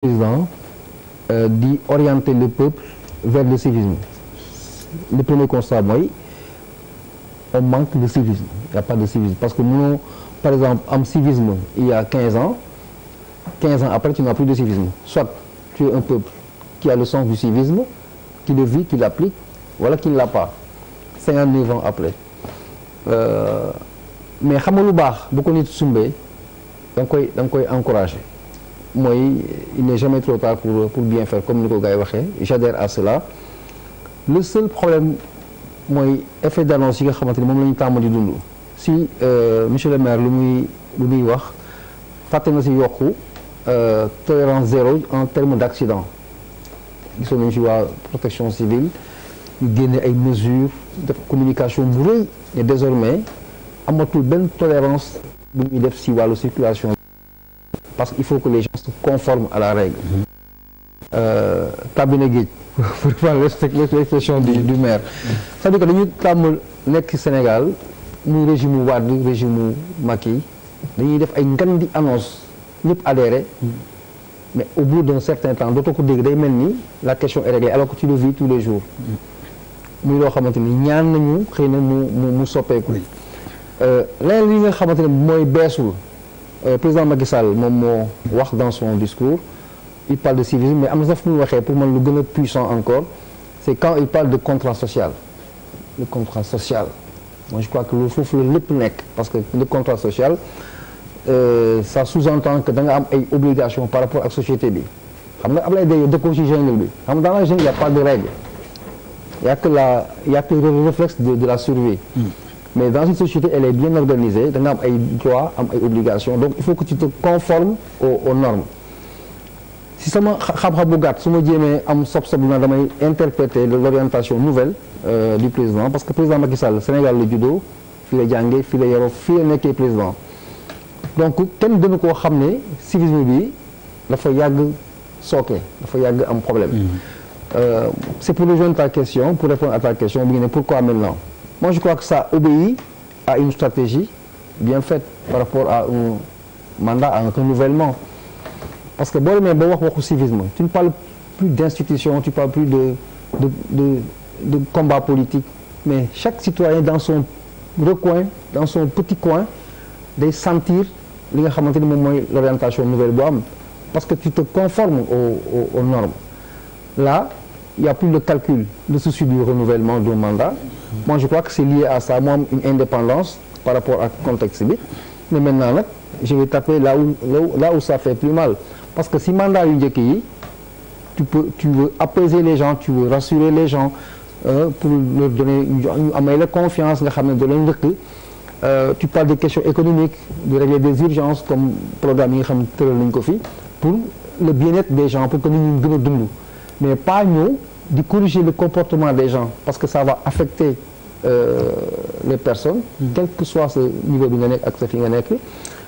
président euh, di orienter le peuple vers le civisme le premier constat mooy on manque de civisme il n'y a pas de civisme parce que mënoo par exemple am civisme il y a 15 ans après tu n'as plus de civisme soit tu es un peuple qui a le sens du civisme qui le vit qui l'applique wala voilà, qui ne l'a pas 59 ans après euh, mais xam nga lu baax bu ko nit koy da nga koy encourager mooy il n'est jamais trop tard pour pour bien faire comme ni ko gars yi waxee j'adhère à cela le seul problème mooy effet d'annonce yi nga xamante ni moom la ñu tàmm di dund si euh, monsieur le maire lu muy lu muy wax fàtte na si yokku euh, tolérance zéro en terme d'accident gisoon nañu si waa protection civile ñu génne ay mesures def communication bu rëy ne désormais amatul benn tolérance bu ñuy def si wàllu circulation parce qu'il faut que les gens se conforment la règle. Euh, Tabine Géej pour faire du du maire. c'est-à-dire que dañu tàmm nekk Sénégal muy régime mu Wade régime mu Macky dañuy def ay ngan di annonce ñëpp adhéré. mais au bout d'un certain temps dootoo ko dégg day mel ni la question est réglée alors que tu le tous les jours. muy loo xamante ni ñaan nañu xëy na mu mu mu soppeeku. Euh, leneen li nga xamante ne mooy beesul. Euh, président Macky Sall moom moo wax dans son discours il parle de civisme mais am na fu mu waxee pour man lu gën a puissant encore c'est quand il parle de contrat social le contrat social moi je crois que lu foofu la lépp nekk parce que le contrat social euh, ça sous-entend que da nga am ay obligations par rapport ak société bi xam nga Ablaye Daye dëkkoo bi xam nga dans la jungle de la y a que le de la survie hmm. mais dans une société elle est bien organisée da nga am ay droits am ay obligations donc il faut que tu te conformes aux, aux normes si sama xam-xam bu gàtt su ma jéemee am sob-sob na damay interpréter l'orientation nouvelle euh, du président parce que président Macky Sall Sénégal la juddoo fii la jànge fii la yaroo fii la nekkee président donc kenn gënu koo xam ne civisme bi dafa yàgg sooke dafa yàgg am problème mm-hmm. euh, c'est pour rejoindre ta question pour répondre à ta question bu ngi ne pourquoi maintenant Moi, je crois que ça obéit à une stratégie bien faite par rapport à un mandat, à un renouvellement. Parce que boo demee ba wax waxu civisme tu ne parles plus d'institution, tu parles plus de, de de combat politique mais chaque citoyen dans son recoin dans son petit coin day sentir li nga xamante ni moom mooy l'orientation nouvelle bu am parce que tu te conformes aux, aux, aux normes là il n'y a plus de calcul le souci du renouvellement d'un mandat je crois que c'est lié à ça mu am indépendance par rapport ak contexte bi mais maintenant nag je vais taper là où là où ça plus mal parce que si mandat yu njëkk yi tu peux tu veux apaiser les gens tu veux rassurer les gens euh, pour confiance nga xam ne euh, de questions économiques de régler des urgences comme programme yi nga xam ne tëral nañ ko fi pour le bien-être des gens pour que nit ñi gën a mais pas ñëw di corriger le comportement des gens parce que ça va affecter euh, les personnes hmm. quel que soit ce niveau bi nga nekk ak sa fi nga nekk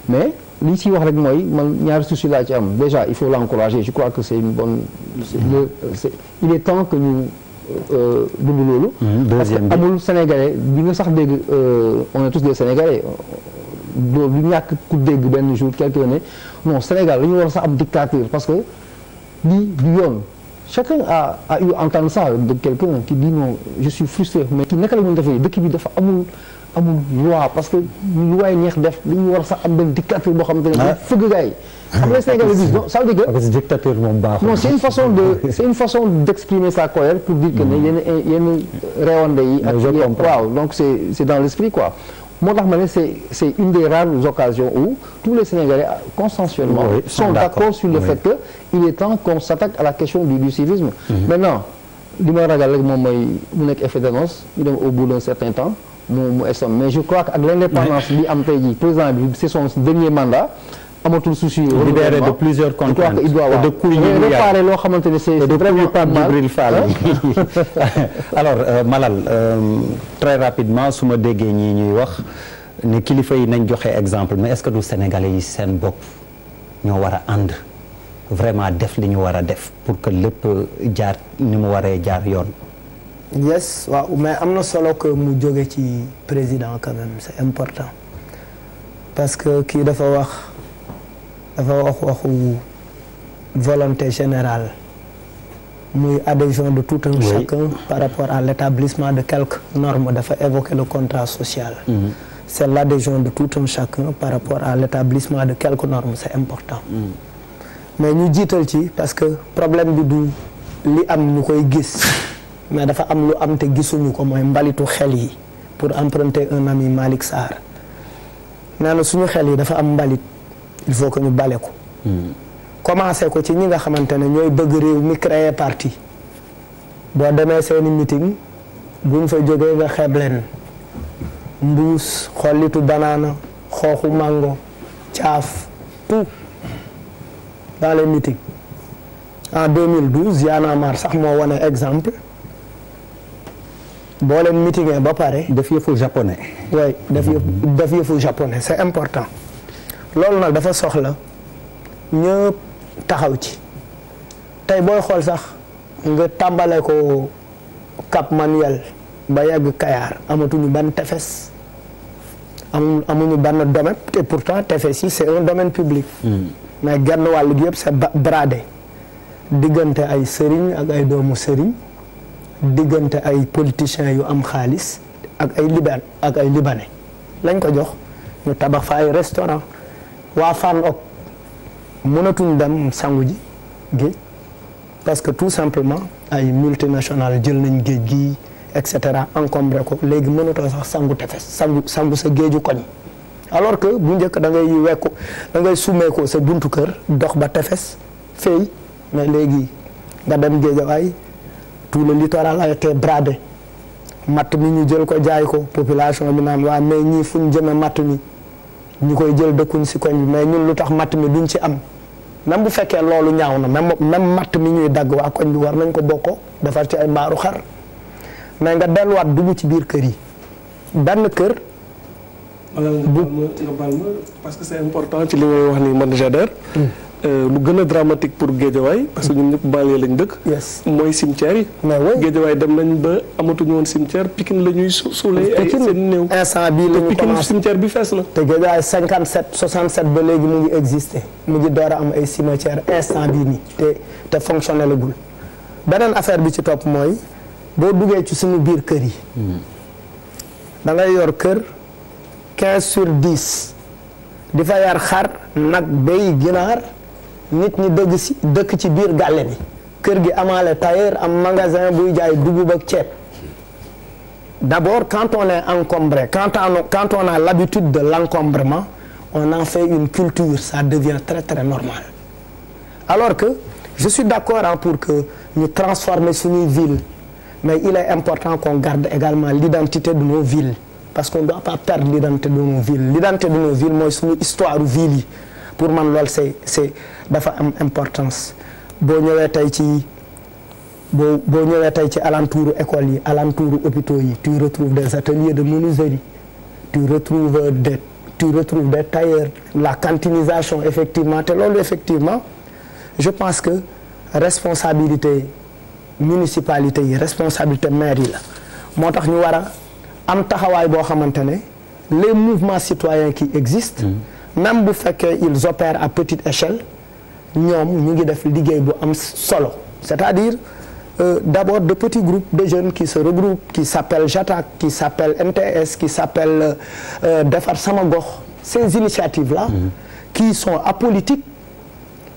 mais li ci wax rek mooy man ñaari souci laa ci am déjà il faut l'encourager je crois que c'est une bonne c'est, il est temps que ñu euh, euh, dund loolu hmm, parce que amul sénégalais bi nga sax dégg euh, on est tous des sénégalais doo du ñàkk ku dégg benn jour quelqu'un ne non Sénégal dañu war a sax am dictature parce que lii chacun a a eu entendre ça de quelqu'un qui dit non je suis frustré mais ki naka la ñu defee dëkk bi dafa amul amul loi parce que lu waay neex def dañu war sax am benn dictature boo xamante ne ah. fëgg gars yi xam nga Sénégal yi non ça veut dire que dictature moom baaxul non c'est une façon de c'est une façon d'exprimer sa colère pour dire que ne hmm. yenn yenn réewande yi ak waaw donc c'est c'est dans l'esprit quoi moo tax ma ne c'est c'est une des rares occasions où tous les Sénégalais euh, consensuellement oui, sont d'accord sur le oui. fait que il est temps qu'on s'attaque à la question du, du civisme mm -hmm. maintenant li ma ragal rek moom mooy mu nekk effet d'annonce ñu dem au bout d'un certain temps mu mu mais je crois que ak l'indépendance bi am tey jii président bi c'est son dernier mandat amatul souci. libéré de plusieurs contraintes il doit de coups yi ñu loo xamante ne c'est vraiment pas mal Djibril Fall alors euh, Malal euh, très rapidement su ma déggee ñii ñuy wax ni kilifa yi nañ joxe exemple mais est que du Sénégalais yi seen bopp ñoo war a ànd vraiment def li ñu war a def pour que lépp jaar ni mu waree jaar yoon. yes waaw mais am na solo que mu jóge ci président quand c'est important parce que kii dafa wax. dafa wax waxu volonté générale muy adhésion de tout un chacun par rapport à l'établissement de quelques norme dafa évoquer le contrat social mm-hmm. c'est l'adhésion de tout un chacun par rapport à l'établissement de quelques normes c'est important mm-hmm. mais ñu jiital ci parce que problème bi du li am ñu koy gis mais dafa am lu am te gisuñu ko mooy mbalitu xel yi pour emprunter un ami Malick Sarr nee suñu xel yi dafa am mbalit il faut que ñu bale ko. commencé ko ci ñi nga xamante ne ñooy bëgg réew mi créer boo demee seeni meeting buñ fa jógee nga xeeb leen mbuus xollitu banaana xooxu mango caaf tout dans les meetings en 2012 Y'en a marre sax moo wane exemple boo leen meetingee ba pare. def yëfu japonais. oui def yëfu def yëfu japonais c'est important. loolu nag dafa soxla ñëpp taxaw ci tey booy xool sax nga tàmbale ko Cap Manuel ba yegg Kayar amatuñu ban tefes amuñu amuñu benn domaine te pourtant tefes yi c'est un domaine public. Hmm. mais genn wàll gi yëpp c'est bradé diggante ay sëriñ ak ay doomu sëriñ diggante ay politiciens yu am xaalis ak ay liban ak ay libanais lañ ko jox ñu tabax fa ay restaurant waa Fann mënatuñ dem sangu ji géej parce que tout simplement ay multinationales jël nañ géej gi et cetera encombré ko léegi mënatoo sax sangu tefes sangu sangu sa géeju koñ alors que bu njëkk da ngay wekku da ngay sumeekoo sa buntu kër dox ba tefes feey mais léegi nga dem ay tout le littoral a été bradé matt mi ñu jël ko jaay ko population bi naan waa mais ñii fu ñu jëme matt mi ñu koy jël dëkkuñ si koñ bi mais ñun lu tax matt mi duñ ci am même bu fekkee loolu ñaaw na même même matt mi ñuy dagg waa koñ bi war nañ ko bokkoo defar ci ay mbaaru xar mais nga delluwaat dugg ci biir kër yi bann kër. bu nga parce que c'est important ci li ngay wax ni man lu euh, gën a dramatique pour Guédiawaye parce que ñun ñëpp banlieue lañ dëkk. mooy cimetière yi. mooy oui dem nañ ba amatuñu woon cimetière Pikine la ñuy suulee. ay seen néew instant bii la ñu commencé cimetière bi fees na. te Guédiawaye 57 67 ba léegi mu ngi existé mu ngi door a am ay cimetière instant bii nii te te fonctionné la gul beneen affaire bi ci topp mooy boo duggee ci suñu biir kër yi. Hmm. da yor kër 15 sur 10 di fa yar xar nag béy ginaar. nit ñi dëgg si dëkk ci biir gàlle bi kër gi amaale tailleur am magasin buy jaay dugub ak ceeb d'abord quand on est encombré quand on quand on a l'habitude de l'encombrement on en fait une culture ça devient très très normal alors que je suis d'accord pour que ñu transformer suñuy ville mais il est important qu'on garde également l'identité de nos villes parce qu'on ne doit pas perdre l'identité de nos villes l'identité de nos villes mooy suñu histoire ville pour man loolu c'est c'est dafa am importance boo ñëwee tey ci boo boo ñëwee tey ci alentouru école yi alentouru hôpitaux yi tu retrouves des ateliers de menuiserie tu retrouves des tu retrouves des tailleurs la cantinisation effectivement te loolu effectivement je pense que responsabilité municipalité yi responsabilité maire yi la moo tax ñu war a am taxawaay boo xamante ne les mouvements citoyens qui existent. Mm. même bu fekkee ils opèrent à petite échelle ñoom ñu ngi def liggéey bu am solo c'est-à-dire euh, d'abord de petits groupes de jeunes qui se regroupent qui s'appellent JATAC qui s'appellent MTS qui s'appellent euh, Defar Sama Gox ces initiatives là mm -hmm. qui sont apolitiques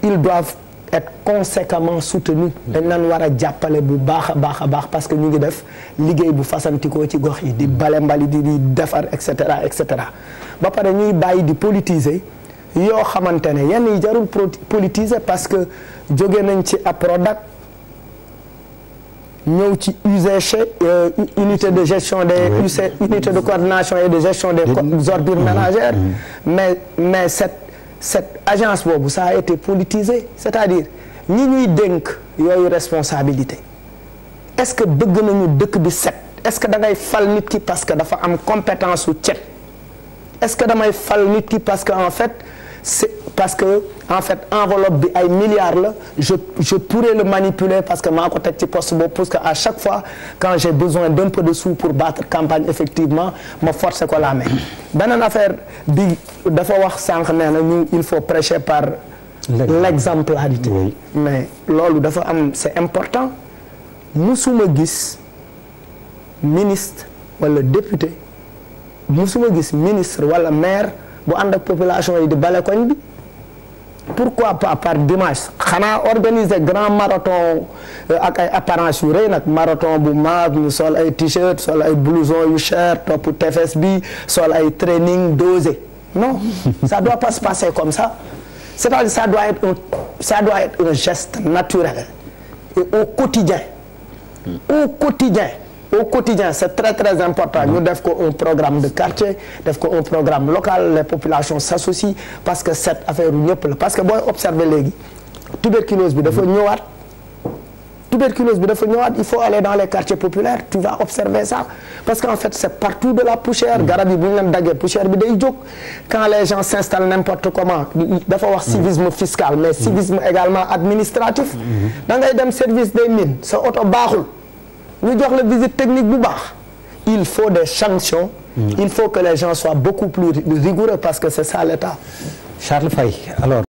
ils doivent être conséquemment soutenu dañ leen war a jàppale bu baax a baax a baax parce que ñu ngi def liggéey bu fasantikoo ci gox yi di bale mbali di di defar et cetera et cetera ba pare ñuy bàyyi di politiser yoo xamante ne yenn yi jarul politiser parce que jóge nañ ci ab Prodac ñëw ci UGC euh, unité de gestion des UC unité de coordination et de gestion des ordures ménagères mais mais cette cette agence boobu ça a été politisé c'est-à-dire ñi ñuy dénk yooyu responsabilité est-ce que bëgg nañu dëkk bi set est-ce que da ngay fal nit ki parce dafa am compétence su cet est-ce que damay fal nit ki parce que en fait c'est parce que en fait enveloppe bi ay milliards la je je pourrais le manipuler parce que maa ko teg ci poste boobu parce à chaque fois quand j'ai besoin d'un peu pour battre campagne effectivement ma forcer ko la main beneen affaire bi dafa wax sànq nee na ñu il faut prêcher par l'exemplarité oui. mais loolu dafa am c'est important musuma gis ministre wala député musuma gis ministre wala maire bu ànd ak population yi di bale koñ bi pourquoi pas par dimanche xanaa organiser grand marathon euh, ak ay apparence yu rëy nag marathon bu mag ñu sol ay t-shirt sol ay blouson yu cher topp tefes bi sol ay training dosé non ça doit pas se passer comme ça c'est-à-dire ça doit être un ça doit naturel et au quotidien hmm. au quotidien au quotidien c'est très très important ñu def ko un programme de quartier def ko un programme local les populations s'associent parce que cette affaire u ñëpp la parce que booy observer léegi tuberculose bi dafa ñëwaat tuberculose bi dafa ñëwaat il faut aller dans les quartiers populaires tu vas observer ça parce que en fait c'est partout de la poussière mm. garab yi bu ñu leen daggee bi day jóg quand les gens s'installent n'importe comment dafa wax mm. civisme fiscal mais mm. civisme également administratif da ngay dem service des sa oto baaxul ñu jox la visite technique bu baax il faut des sanctions mm. il faut que les gens soient beaucoup plus rigoureux parce que c'est ça l'État Charles Faye alors